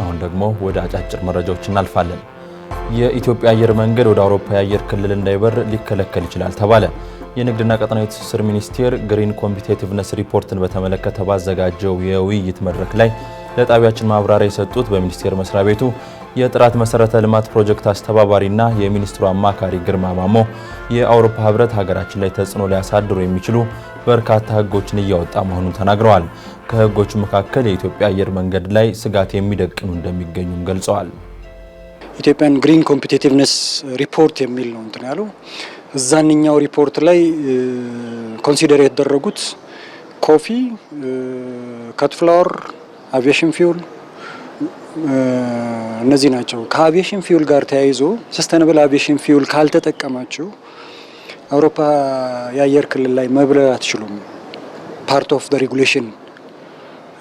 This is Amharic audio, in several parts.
አደረግን። አሁን ደግሞ ወደ አጫጭር መረጃዎች እናልፋለን። የኢትዮጵያ አየር መንገድ ወደ አውሮፓ የአየር ክልል እንዳይበር ሊከለከል ይችላል ተባለ። የንግድና ቀጠናዊ ትስስር ሚኒስቴር ግሪን ኮምፒቴቲቭነስ ሪፖርትን በተመለከተ ባዘጋጀው የውይይት መድረክ ላይ ለጣቢያችን ማብራሪያ የሰጡት በሚኒስቴር መስሪያ ቤቱ የጥራት መሰረተ ልማት ፕሮጀክት አስተባባሪና የሚኒስትሩ አማካሪ ግርማ ማሞ የአውሮፓ ህብረት ሀገራችን ላይ ተጽዕኖ ሊያሳድሩ የሚችሉ በርካታ ህጎችን እያወጣ መሆኑን ተናግረዋል። ከህጎቹ መካከል የኢትዮጵያ አየር መንገድ ላይ ስጋት የሚደቅኑ እንደሚገኙም ገልጸዋል። ኢትዮጵያን ግሪን ኮምፒቲቲቭነስ ሪፖርት የሚል ነው እንትን ያሉ እዛንኛው ሪፖርት ላይ ኮንሲደር የተደረጉት ኮፊ፣ ከትፍላወር፣ አቪዬሽን ፊውል እነዚህ ናቸው። ከአቪዬሽን ፊውል ጋር ተያይዞ ሰስተነብል አቪዬሽን ፊውል ካልተጠቀማችሁ አውሮፓ የአየር ክልል ላይ መብረር አትችሉም። ፓርት ኦፍ ሬጉሌሽን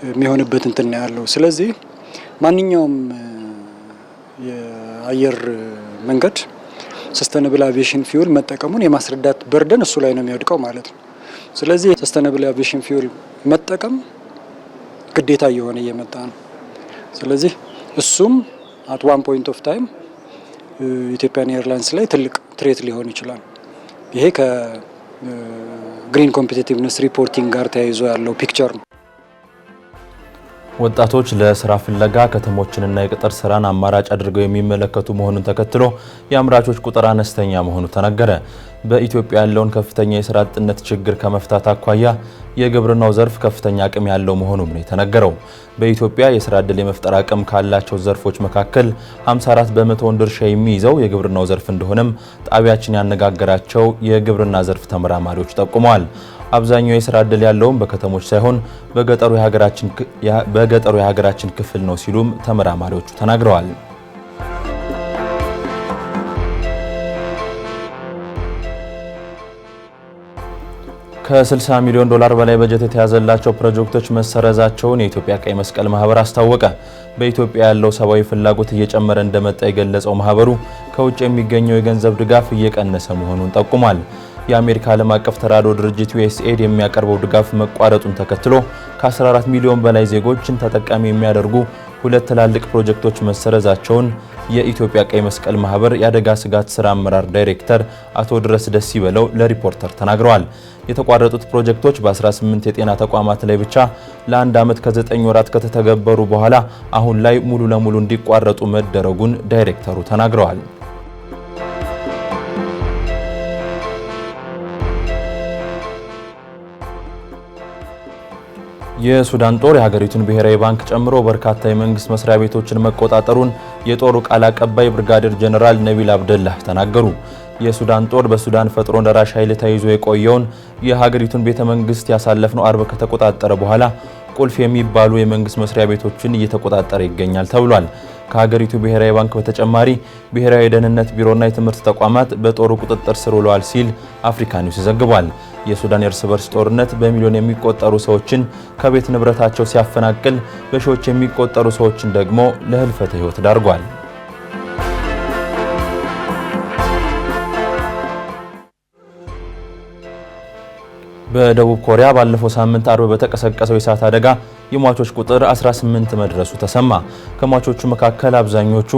የሚሆንበት እንትን ያለው። ስለዚህ ማንኛውም የአየር መንገድ ሰስተነብል አቪዬሽን ፊውል መጠቀሙን የማስረዳት በርደን እሱ ላይ ነው የሚወድቀው ማለት ነው። ስለዚህ ሰስተነብል አቪዬሽን ፊውል መጠቀም ግዴታ እየሆነ እየመጣ ነው። ስለዚህ እሱም አት ዋን ፖይንት ኦፍ ታይም ኢትዮጵያን ኤርላይንስ ላይ ትልቅ ትሬት ሊሆን ይችላል። ይሄ ከግሪን ኮምፒቲቲቭነስ ሪፖርቲንግ ጋር ተያይዞ ያለው ፒክቸር ነው። ወጣቶች ለስራ ፍለጋ ከተሞችንና የቅጥር ስራን አማራጭ አድርገው የሚመለከቱ መሆኑን ተከትሎ የአምራቾች ቁጥር አነስተኛ መሆኑ ተነገረ። በኢትዮጵያ ያለውን ከፍተኛ የስራ አጥነት ችግር ከመፍታት አኳያ የግብርናው ዘርፍ ከፍተኛ አቅም ያለው መሆኑም ነው የተነገረው። በኢትዮጵያ የስራ ዕድል የመፍጠር አቅም ካላቸው ዘርፎች መካከል 54 በመቶውን ድርሻ የሚይዘው የግብርናው ዘርፍ እንደሆነም ጣቢያችን ያነጋገራቸው የግብርና ዘርፍ ተመራማሪዎች ጠቁመዋል። አብዛኛው የስራ ዕድል ያለውም በከተሞች ሳይሆን በገጠሩ የሀገራችን ክፍል ነው ሲሉም ተመራማሪዎቹ ተናግረዋል። ከ60 ሚሊዮን ዶላር በላይ በጀት የተያዘላቸው ፕሮጀክቶች መሰረዛቸውን የኢትዮጵያ ቀይ መስቀል ማህበር አስታወቀ። በኢትዮጵያ ያለው ሰብአዊ ፍላጎት እየጨመረ እንደመጣ የገለጸው ማህበሩ ከውጭ የሚገኘው የገንዘብ ድጋፍ እየቀነሰ መሆኑን ጠቁሟል። የአሜሪካ ዓለም አቀፍ ተራድኦ ድርጅት ዩኤስኤድ የሚያቀርበው ድጋፍ መቋረጡን ተከትሎ ከ14 ሚሊዮን በላይ ዜጎችን ተጠቃሚ የሚያደርጉ ሁለት ትላልቅ ፕሮጀክቶች መሰረዛቸውን የኢትዮጵያ ቀይ መስቀል ማህበር የአደጋ ስጋት ስራ አመራር ዳይሬክተር አቶ ድረስ ደስ ይበለው ለሪፖርተር ተናግረዋል። የተቋረጡት ፕሮጀክቶች በ18 የጤና ተቋማት ላይ ብቻ ለአንድ ዓመት ከ9 ወራት ከተተገበሩ በኋላ አሁን ላይ ሙሉ ለሙሉ እንዲቋረጡ መደረጉን ዳይሬክተሩ ተናግረዋል። የሱዳን ጦር የሀገሪቱን ብሔራዊ ባንክ ጨምሮ በርካታ የመንግስት መስሪያ ቤቶችን መቆጣጠሩን የጦሩ ቃል አቀባይ ብርጋዴር ጀኔራል ነቢል አብደላህ ተናገሩ። የሱዳን ጦር በሱዳን ፈጥኖ ደራሽ ኃይል ተይዞ የቆየውን የሀገሪቱን ቤተ መንግስት ያሳለፍነው አርብ ከተቆጣጠረ በኋላ ቁልፍ የሚባሉ የመንግስት መስሪያ ቤቶችን እየተቆጣጠረ ይገኛል ተብሏል። ከሀገሪቱ ብሔራዊ ባንክ በተጨማሪ ብሔራዊ የደህንነት ቢሮና የትምህርት ተቋማት በጦሩ ቁጥጥር ስር ውለዋል ሲል አፍሪካ ኒውስ ዘግቧል። የሱዳን የእርስ በርስ ጦርነት በሚሊዮን የሚቆጠሩ ሰዎችን ከቤት ንብረታቸው ሲያፈናቅል፣ በሺዎች የሚቆጠሩ ሰዎችን ደግሞ ለህልፈተ ህይወት ዳርጓል። በደቡብ ኮሪያ ባለፈው ሳምንት አርብ በተቀሰቀሰው የእሳት አደጋ የሟቾች ቁጥር 18 መድረሱ ተሰማ። ከሟቾቹ መካከል አብዛኞቹ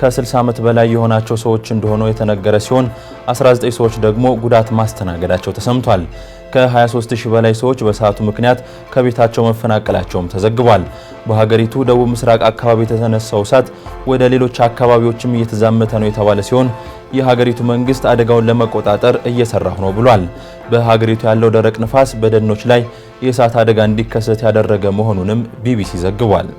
ከ60 ዓመት በላይ የሆናቸው ሰዎች እንደሆኑ የተነገረ ሲሆን 19 ሰዎች ደግሞ ጉዳት ማስተናገዳቸው ተሰምቷል። ከ23000 በላይ ሰዎች በሰዓቱ ምክንያት ከቤታቸው መፈናቀላቸውም ተዘግቧል። በሀገሪቱ ደቡብ ምስራቅ አካባቢ የተነሳው እሳት ወደ ሌሎች አካባቢዎችም እየተዛመተ ነው የተባለ ሲሆን የሀገሪቱ መንግስት አደጋውን ለመቆጣጠር እየሰራሁ ነው ብሏል። በሀገሪቱ ያለው ደረቅ ንፋስ በደኖች ላይ የእሳት አደጋ እንዲከሰት ያደረገ መሆኑንም ቢቢሲ ዘግቧል።